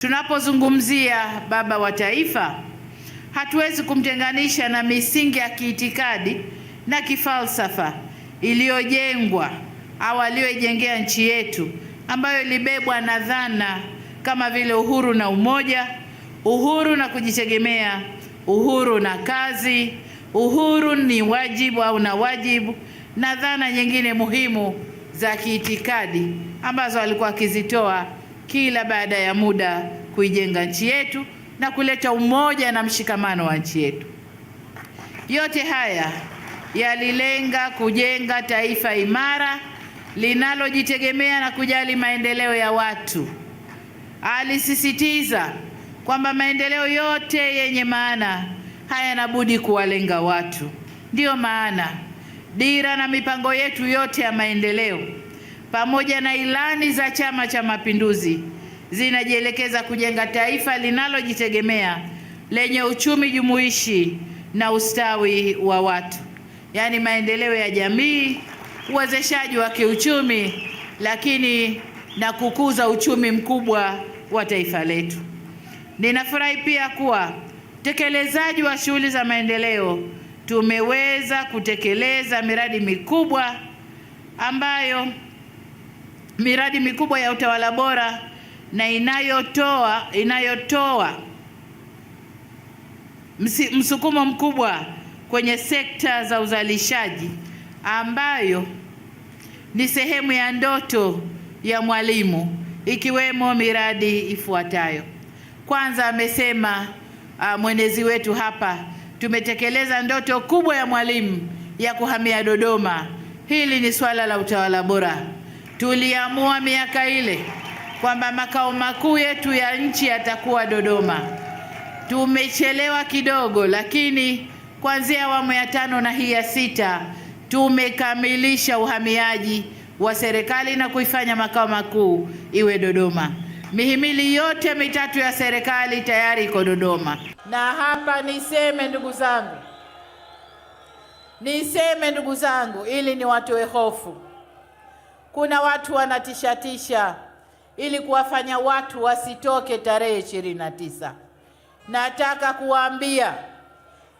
Tunapozungumzia baba wa taifa, hatuwezi kumtenganisha na misingi ya kiitikadi na kifalsafa iliyojengwa au aliyoijengea nchi yetu ambayo ilibebwa na dhana kama vile uhuru na umoja, uhuru na kujitegemea, uhuru na kazi, uhuru ni wajibu au na wajibu, na dhana nyingine muhimu za kiitikadi ambazo alikuwa akizitoa kila baada ya muda kuijenga nchi yetu na kuleta umoja na mshikamano wa nchi yetu. Yote haya yalilenga kujenga taifa imara linalojitegemea na kujali maendeleo ya watu. Alisisitiza kwamba maendeleo yote yenye maana hayana budi kuwalenga watu. Ndiyo maana dira na mipango yetu yote ya maendeleo pamoja na ilani za Chama cha Mapinduzi zinajielekeza kujenga taifa linalojitegemea lenye uchumi jumuishi na ustawi wa watu, yaani maendeleo ya jamii, uwezeshaji wa kiuchumi, lakini na kukuza uchumi mkubwa wa taifa letu. Ninafurahi pia kuwa utekelezaji wa shughuli za maendeleo, tumeweza kutekeleza miradi mikubwa ambayo miradi mikubwa ya utawala bora na inayotoa inayotoa msukumo mkubwa kwenye sekta za uzalishaji ambayo ni sehemu ya ndoto ya Mwalimu ikiwemo miradi ifuatayo. Kwanza amesema uh, mwenezi wetu hapa, tumetekeleza ndoto kubwa ya Mwalimu ya kuhamia Dodoma. Hili ni swala la utawala bora. Tuliamua miaka ile kwamba makao makuu yetu ya nchi yatakuwa Dodoma. Tumechelewa kidogo, lakini kuanzia awamu ya tano na hii ya sita tumekamilisha uhamiaji wa serikali na kuifanya makao makuu iwe Dodoma. Mihimili yote mitatu ya serikali tayari iko Dodoma. Na hapa niseme ndugu zangu, niseme ndugu zangu, ili niwatoe hofu kuna watu wanatishatisha ili kuwafanya watu wasitoke tarehe ishirini na tisa. Nataka kuwaambia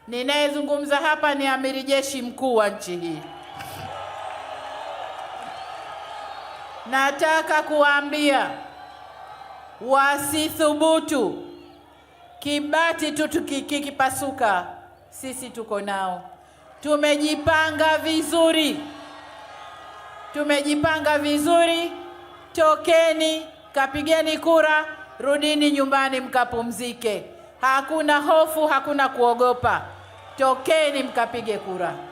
ninayezungumza hapa ni amiri jeshi mkuu wa nchi hii. Nataka kuwaambia wasithubutu. Kibati tu tukikipasuka, sisi tuko nao, tumejipanga vizuri tumejipanga vizuri. Tokeni kapigeni kura, rudini nyumbani mkapumzike. Hakuna hofu, hakuna kuogopa. Tokeni mkapige kura.